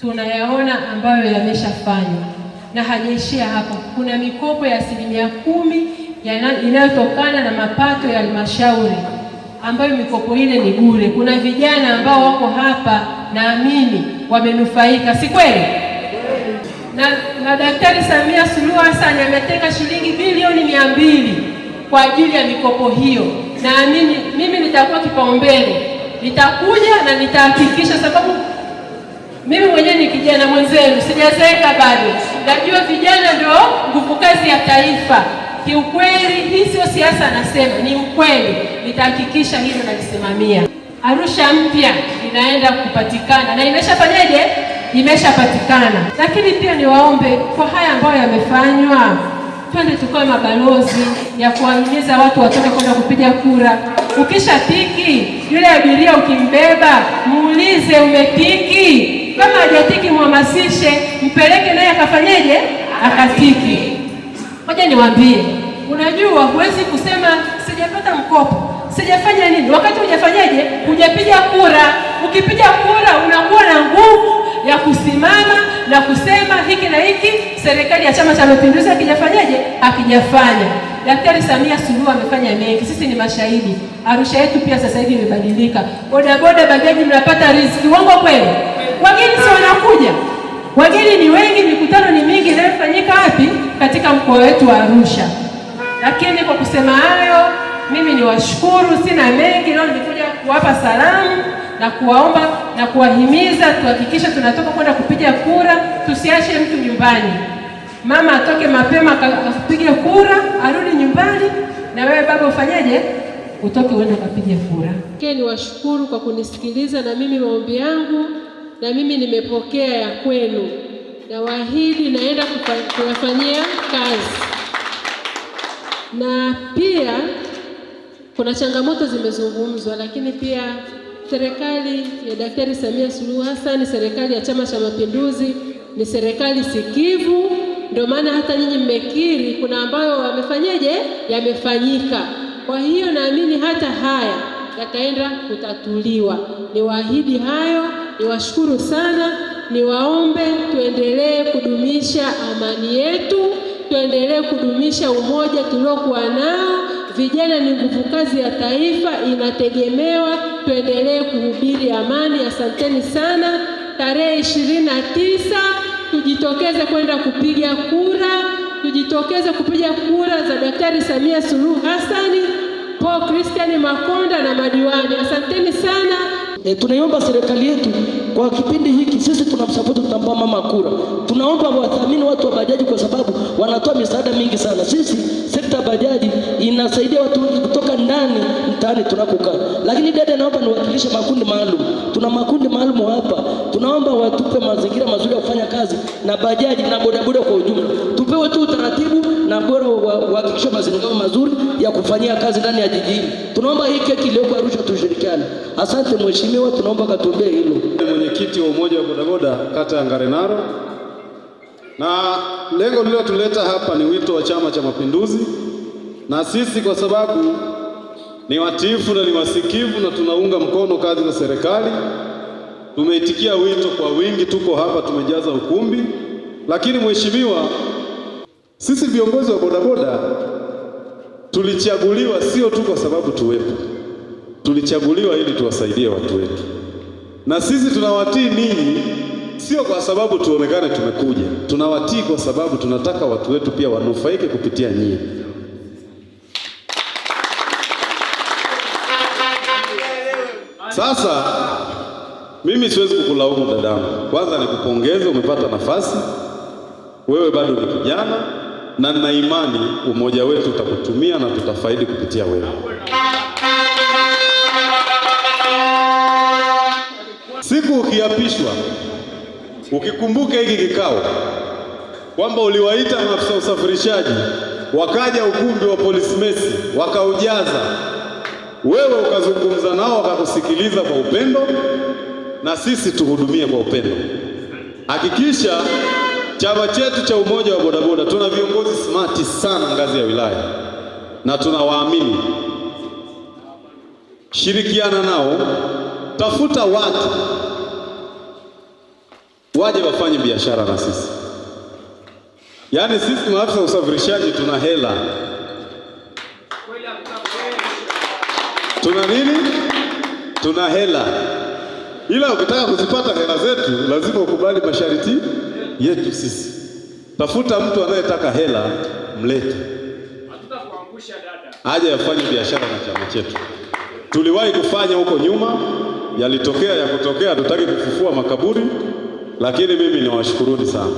tunayaona ambayo yameshafanywa na hajaishia hapo. Kuna mikopo ya asilimia kumi inayotokana na mapato ya halmashauri ambayo mikopo ile ni bure. Kuna vijana ambao wako hapa naamini wamenufaika, si kweli? Na, na Daktari Samia Suluhu Hassan ametenga shilingi bilioni mia mbili kwa ajili ya mikopo hiyo. Naamini mimi nitakuwa kipaumbele, nitakuja na nitahakikisha sababu mimi mwenyewe ni kijana mwenzenu, sijazeeka bado. Najua vijana ndio nguvu kazi ya taifa. Kiukweli hii sio siasa, nasema ni ukweli. Nitahakikisha hilo nalisimamia. Arusha mpya inaenda kupatikana na imeshafanyaje? Imeshapatikana. Lakini pia niwaombe kwa haya ambayo yamefanywa, twende tukawe mabalozi ya kuwahimiza watu watoke kwenda kupiga kura. Ukisha tiki yule abiria, ukimbeba muulize umepiki kama hajatiki mhamasishe, mpeleke naye akafanyeje, akatiki. moja niwaambie, unajua huwezi kusema sijapata mkopo sijafanya nini, wakati hujafanyaje, hujapiga kura. Ukipiga kura unakuwa na nguvu ya kusimama na kusema hiki na hiki serikali ya Chama cha Mapinduzi hakijafanyaje, hakijafanya. Daktari Samia Suluhu amefanya mengi, sisi ni mashahidi. Arusha yetu pia sasa hivi imebadilika, bodaboda bajaji mnapata riziki, uongo kweli? Wageni si wanakuja, wageni ni wengi, mikutano ni mingi inayofanyika wapi? Katika mkoa wetu wa Arusha. Lakini kwa kusema hayo, mimi ni washukuru, sina mengi. Leo nimekuja kuwapa salamu na kuwaomba na kuwahimiza tuhakikishe tunatoka kwenda kupiga kura, tusiache mtu nyumbani. Mama atoke mapema akapiga kura, arudi nyumbani, na wewe baba ufanyaje? Utoke uende ukapige kura. Ni washukuru kwa kunisikiliza, na mimi maombi yangu na mimi nimepokea ya kwenu, na waahidi naenda kuyafanyia kazi. Na pia kuna changamoto zimezungumzwa, lakini pia serikali ya Daktari Samia Suluhu Hassan, serikali ya Chama cha Mapinduzi ni serikali sikivu. Ndio maana hata nyinyi mmekiri kuna ambayo wamefanyaje, yamefanyika. Kwa hiyo naamini hata haya yataenda kutatuliwa, ni waahidi hayo niwashukuru sana, niwaombe tuendelee kudumisha amani yetu, tuendelee kudumisha umoja tuliokuwa nao. Vijana ni nguvu kazi ya taifa, inategemewa. Tuendelee kuhubiri amani. Asanteni sana. Tarehe ishirini na tisa tujitokeze kwenda kupiga kura, tujitokeze kupiga kura za Daktari Samia Suluhu Hassani, Paul Christian Makonda na madiwani. Asanteni sana. E, eh, tunaiomba serikali yetu kwa kipindi hiki sisi tunamsapoti mtambua mama kura, tunaomba wathamini watu wa bajaji kwa sababu wanatoa misaada mingi sana. Sisi sekta bajaji inasaidia watu wengi kutoka ndani mtaani tunakokaa, lakini dada, naomba niwakilishe makundi maalum. Tuna makundi maalum hapa, tunaomba watupe mazingira mazuri ya kufanya kazi na bajaji na bodaboda kwa ujumla, tupewe tu utaratibu na bora uhakikishe mazingira mazuri ya kufanyia kazi ndani ya jiji Tunaomba hii keki iliyoko Arusha tushirikiane. Asante mheshimiwa, tunaomba katuombee hilo mwenyekiti wa umoja wa bodaboda kata ya Ngarenaro, na lengo lililotuleta hapa ni wito wa Chama cha Mapinduzi, na sisi kwa sababu ni watiifu na ni wasikivu na tunaunga mkono kazi za serikali, tumeitikia wito kwa wingi, tuko hapa tumejaza ukumbi. Lakini mheshimiwa, sisi viongozi wa bodaboda tulichaguliwa sio tu kwa sababu tuwepo, tulichaguliwa ili tuwasaidie watu wetu na sisi tunawatii ninyi, sio kwa sababu tuonekane tumekuja, tunawatii kwa sababu tunataka watu wetu pia wanufaike kupitia nyinyi. Sasa mimi siwezi kukulaumu dadangu, kwanza nikupongeze, umepata nafasi, wewe bado ni kijana, na nina imani umoja wetu utakutumia na tutafaidi kupitia wewe. uliapishwa, ukikumbuka hiki kikao kwamba uliwaita maafisa usafirishaji wakaja ukumbi wa polisi mesi wakaujaza, wewe ukazungumza nao wakakusikiliza kwa upendo, na sisi tuhudumie kwa upendo. Hakikisha chama chetu cha umoja wa bodaboda, tuna viongozi smart sana ngazi ya wilaya na tunawaamini. Shirikiana nao, tafuta watu waje wafanye biashara na sisi. Yaani sisi maafisa usafirishaji tuna hela, tuna nini? Tuna hela, ila ukitaka kuzipata hela zetu lazima ukubali masharti yetu sisi. Tafuta mtu anayetaka hela, mlete aje afanye biashara na chama chetu. Tuliwahi kufanya huko nyuma, yalitokea ya kutokea, tutaki kufufua makaburi. Lakini mimi niwashukuruni sana